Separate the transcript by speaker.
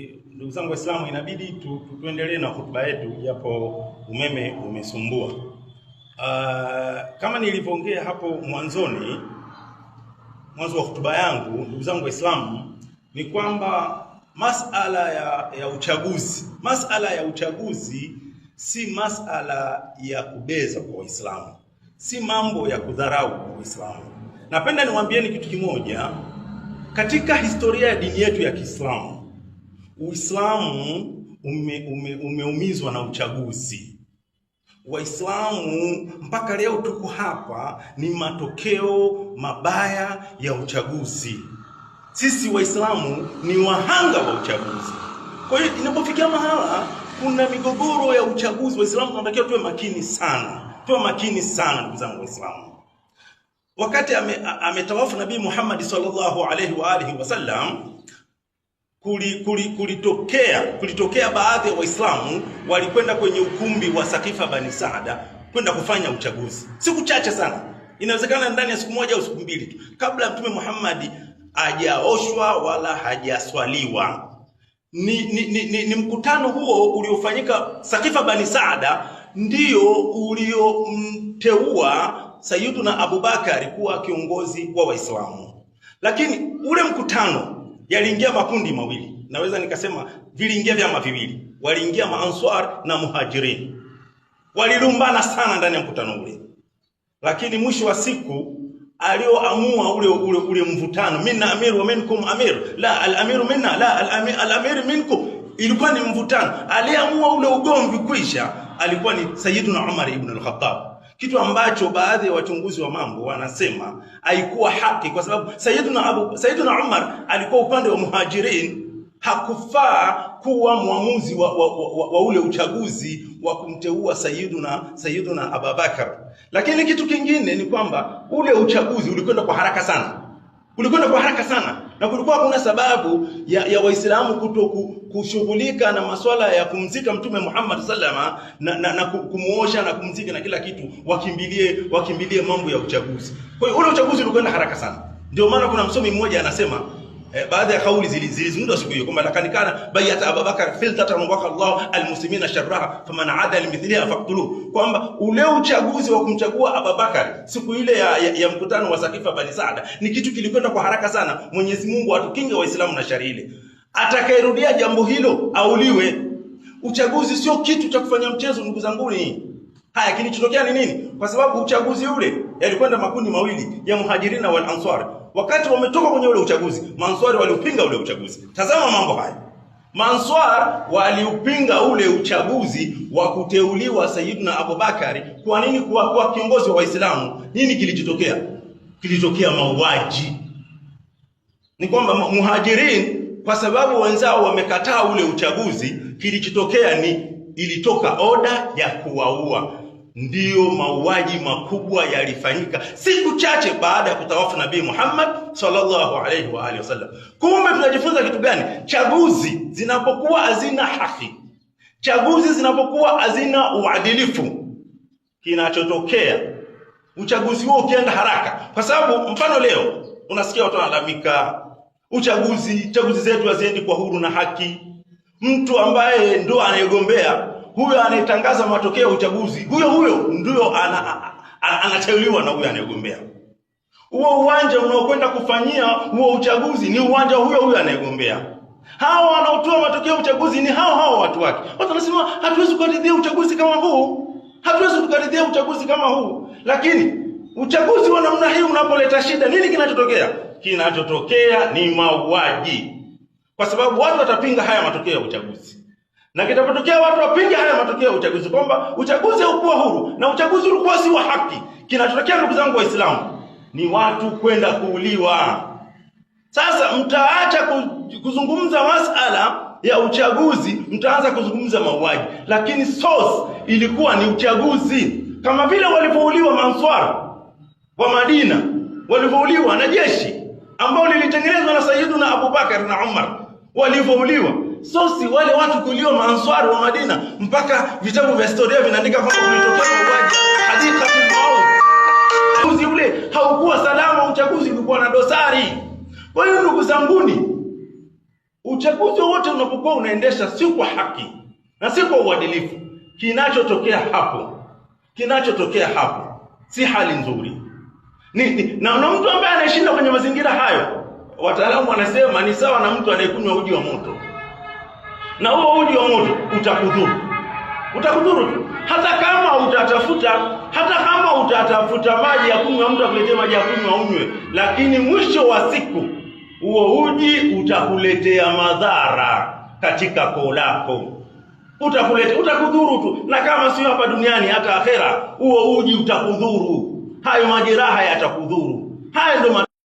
Speaker 1: Eh, ndugu zangu Waislamu, inabidi tu, tu, tuendelee na hotuba yetu japo umeme umesumbua. Uh, kama nilivyoongea hapo mwanzoni, mwanzo wa hotuba yangu, ndugu zangu Waislamu, ni kwamba masala ya, ya uchaguzi masala ya uchaguzi si masala ya kubeza kwa Waislamu, si mambo ya kudharau kwa Waislamu. Napenda niwaambieni kitu kimoja katika historia ya dini yetu ya Kiislamu Uislamu umeumizwa ume, ume na uchaguzi. Waislamu mpaka leo tuko hapa ni matokeo mabaya ya uchaguzi. Sisi Waislamu ni wahanga wa uchaguzi. Kwa hiyo inapofikia mahala kuna migogoro ya uchaguzi, Waislamu tunatakiwa tuwe makini sana, tuwe makini sana, ndugu zangu Waislamu. Wakati ametawafu ame Nabii Muhammad sallallahu alaihi wa alihi wasallam kulitokea kuli, kuli kulitokea baadhi ya wa Waislamu walikwenda kwenye ukumbi wa Sakifa Bani Saada kwenda kufanya uchaguzi siku chache sana, inawezekana ndani ya siku moja au siku mbili tu, kabla Mtume Muhammad hajaoshwa wala hajaswaliwa. Ni, ni, ni, ni, ni mkutano huo uliofanyika Sakifa Bani Saada ndio uliomteua Sayyiduna abubakari kuwa kiongozi wa Waislamu, lakini ule mkutano yaliingia makundi mawili, naweza nikasema viliingia vyama viwili, waliingia maanswar na muhajirin. Walilumbana sana ndani ya mkutano ule, lakini mwisho wa siku alioamua ule ule ule mvutano, minna amir wa minkum amir, la al amiru minna la al amir minkum, ilikuwa ni mvutano. Aliamua ule ugomvi kwisha alikuwa ni Sayyiduna Umar ibn al-Khattab kitu ambacho baadhi ya wachunguzi wa mambo wanasema haikuwa haki, kwa sababu Sayyiduna Abu Sayyiduna Umar alikuwa upande wa Muhajirin, hakufaa kuwa mwamuzi wa, wa, wa, wa, wa ule uchaguzi wa kumteua Sayyiduna Sayyiduna Abubakar. Lakini kitu kingine ni kwamba ule uchaguzi ulikwenda kwa haraka sana, ulikwenda kwa haraka sana na kulikuwa kuna sababu ya, ya Waislamu kuto kushughulika na maswala ya kumzika Mtume Muhammad sallama na, na, na kumuosha na kumzika na kila kitu, wakimbilie wakimbilie mambo ya uchaguzi. Kwa hiyo ule uchaguzi ulikwenda haraka sana, ndio maana kuna msomi mmoja anasema Eh, baadhi ya kauli zilizungumzwa siku hiyo kwamba nakanikana bayat Abubakar filtatan waka Allah almuslimina sharraha faman ada limithliha faqtuluhu, kwamba ule uchaguzi wa kumchagua Abubakar siku ile ya, ya, ya mkutano wa Sakifa Bani Saada ni kitu kilikwenda kwa haraka sana. Mwenyezi Mungu atukinge Waislamu na shari ile. Atakayerudia jambo hilo auliwe. Uchaguzi sio kitu cha kufanya mchezo, ndugu zangu. Ni Haya, kilichotokea ni nini? Kwa sababu uchaguzi ule yalikwenda makundi mawili ya Muhajirina wal Ansar wakati wametoka kwenye ule uchaguzi, Mansuar waliupinga ule uchaguzi. Tazama mambo haya, Manswar waliupinga ule uchaguzi wa kuteuliwa Sayyidina Abubakari. Kwa nini? Kwa, kuwa kiongozi wa Waislamu. Nini kilichotokea? Kilitokea mauaji. Ni kwamba Muhajirin kwa sababu wenzao wamekataa ule uchaguzi, kilichotokea ni ilitoka oda ya kuwaua ndiyo mauaji makubwa yalifanyika siku chache baada ya kutawafu Nabii Muhammad sallallahu alayhi wa alihi wasallam. Kumbe tunajifunza kitu gani? Chaguzi zinapokuwa hazina haki, chaguzi zinapokuwa hazina uadilifu, kinachotokea uchaguzi huo ukienda haraka, kwa sababu mfano leo unasikia watu wanalalamika uchaguzi, chaguzi zetu haziendi kwa huru na haki. Mtu ambaye ndo anayegombea huyo anayetangaza matokeo ya uchaguzi huyo huyo ndio anateuliwa na huyo anayegombea. Huo uwanja unaokwenda kufanyia huo uchaguzi ni uwanja huyo huyo anayegombea. Hawa wanaotoa matokeo ya uchaguzi ni hao hao watu wake. Watu wanasema hatuwezi kukaridhia uchaguzi kama huu, hatuwezi kukaridhia uchaguzi kama huu. Lakini uchaguzi wa namna hii unapoleta shida, nini kinachotokea? Kinachotokea ni mauaji, kwa sababu watu watapinga haya matokeo ya uchaguzi na kitapotokea watu wapinge haya matokeo ya uchaguzi, kwamba uchaguzi haukuwa huru na uchaguzi ulikuwa si wa haki, kinachotokea ndugu zangu Waislamu ni watu kwenda kuuliwa. Sasa mtaacha kuzungumza masala ya uchaguzi, mtaanza kuzungumza mauaji, lakini source ilikuwa ni uchaguzi, kama vile walivyouliwa Manswar wa Madina, walivyouliwa na jeshi ambao lilitengenezwa na Sayyiduna Abubakar na Umar, walivyouliwa sosi wale watu kulio maanswari wa Madina, mpaka vitabu vya historia vinaandika kwamba kulitokea hadika Uchaguzi ule haukuwa salama, uchaguzi ulikuwa na dosari. Kwa hiyo ndugu zanguni, uchaguzi wote unapokuwa unaendesha si kwa haki na si kwa uadilifu, kinachotokea hapo kinachotokea hapo si hali nzuri ni, ni, na, na mtu ambaye anashinda kwenye mazingira hayo, wataalamu wanasema ni sawa na mtu anayekunywa uji wa moto na huo uji wa moto utakudhuru utakudhuru tu hata kama utatafuta hata kama utatafuta maji ya kunywa mtu akuletee maji ya kunywa unywe lakini mwisho wa siku huo uji utakuletea madhara katika koo lako utakuleta utakudhuru tu na kama sio hapa duniani hata akhera huo uji utakudhuru hayo majeraha yatakudhuru hayo ndio